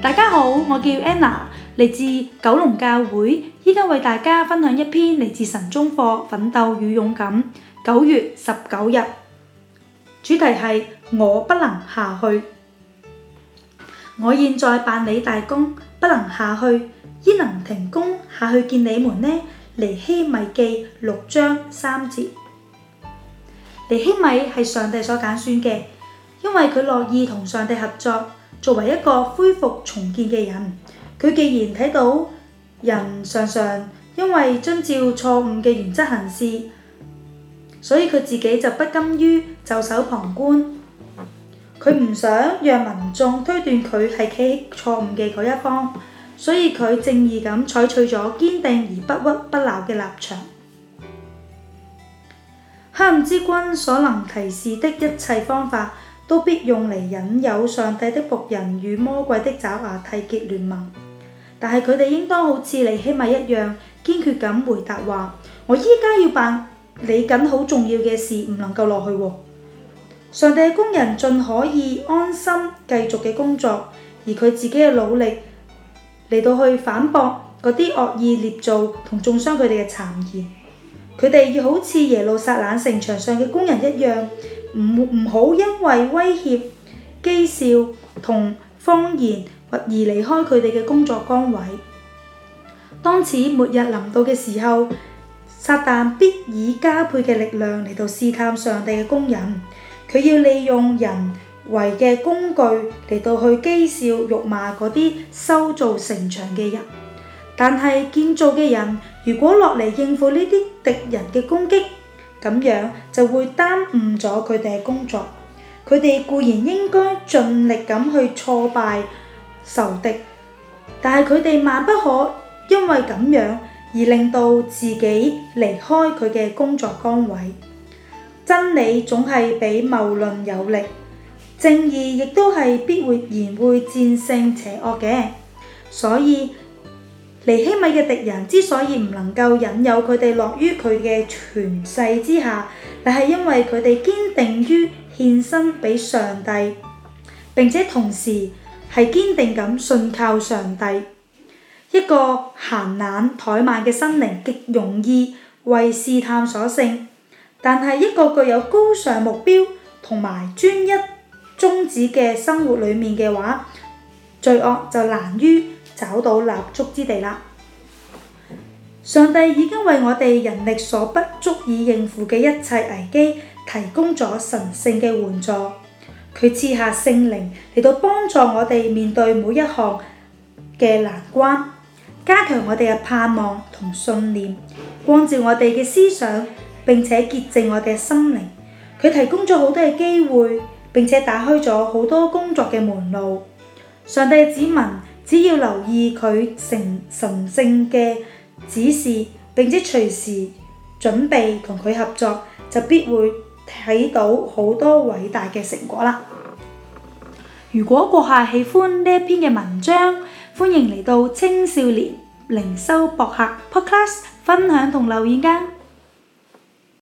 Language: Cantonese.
大家好，我叫 Anna，嚟自九龍教會，依家為大家分享一篇嚟自神中課《奮鬥與勇敢》，九月十九日，主題係我不能下去，我現在辦理大工，不能下去，焉能停工下去見你們呢？尼希米記六章三節，尼希米係上帝所揀選嘅，因為佢樂意同上帝合作。作為一個恢復重建嘅人，佢既然睇到人常常因為遵照錯誤嘅原則行事，所以佢自己就不甘於袖手旁觀。佢唔想讓民眾推斷佢係企錯誤嘅嗰一方，所以佢正義咁採取咗堅定而不屈不撓嘅立場。黑暗之君所能提示的一切方法，都必用嚟引誘上帝的僕人與魔鬼的爪牙締結聯盟，但係佢哋應當好似尼希米一樣，堅決咁回答話：我依家要辦理緊好重要嘅事，唔能夠落去。上帝嘅工人盡可以安心繼續嘅工作，而佢自己嘅努力嚟到去反駁嗰啲惡意捏造同中傷佢哋嘅讒言。佢哋要好似耶路撒冷城牆上嘅工人一樣。唔唔好因為威脅、譏笑同謊言而離開佢哋嘅工作崗位。當此末日臨到嘅時候，撒但必以加倍嘅力量嚟到試探上帝嘅工人。佢要利用人為嘅工具嚟到去譏笑、辱罵嗰啲修造城牆嘅人。但係建造嘅人，如果落嚟應付呢啲敵人嘅攻擊，咁樣就會耽誤咗佢哋嘅工作。佢哋固然應該盡力咁去挫敗仇敵，但係佢哋萬不可因為咁樣而令到自己離開佢嘅工作崗位。真理總係比謬論有力，正義亦都係必然會戰勝邪惡嘅，所以。尼希米嘅敵人之所以唔能夠引誘佢哋落於佢嘅權勢之下，乃係因為佢哋堅定於獻身俾上帝，並且同時係堅定咁信靠上帝。一個閒懶怠慢嘅心靈極容易為試探所勝，但係一個具有高尚目標同埋專一宗旨嘅生活裏面嘅話，罪惡就難於找到立足之地啦！上帝已經為我哋人力所不足以應付嘅一切危機提供咗神聖嘅援助，佢賜下聖靈嚟到幫助我哋面對每一項嘅難關，加強我哋嘅盼望同信念，光照我哋嘅思想，並且潔淨我哋嘅心靈。佢提供咗好多嘅機會，並且打開咗好多工作嘅門路。上帝指明。只要留意佢神神聖嘅指示，並且隨時準備同佢合作，就必會睇到好多偉大嘅成果啦！如果閣下喜歡呢一篇嘅文章，歡迎嚟到青少年靈修博客 Podcast 分享同留言噶。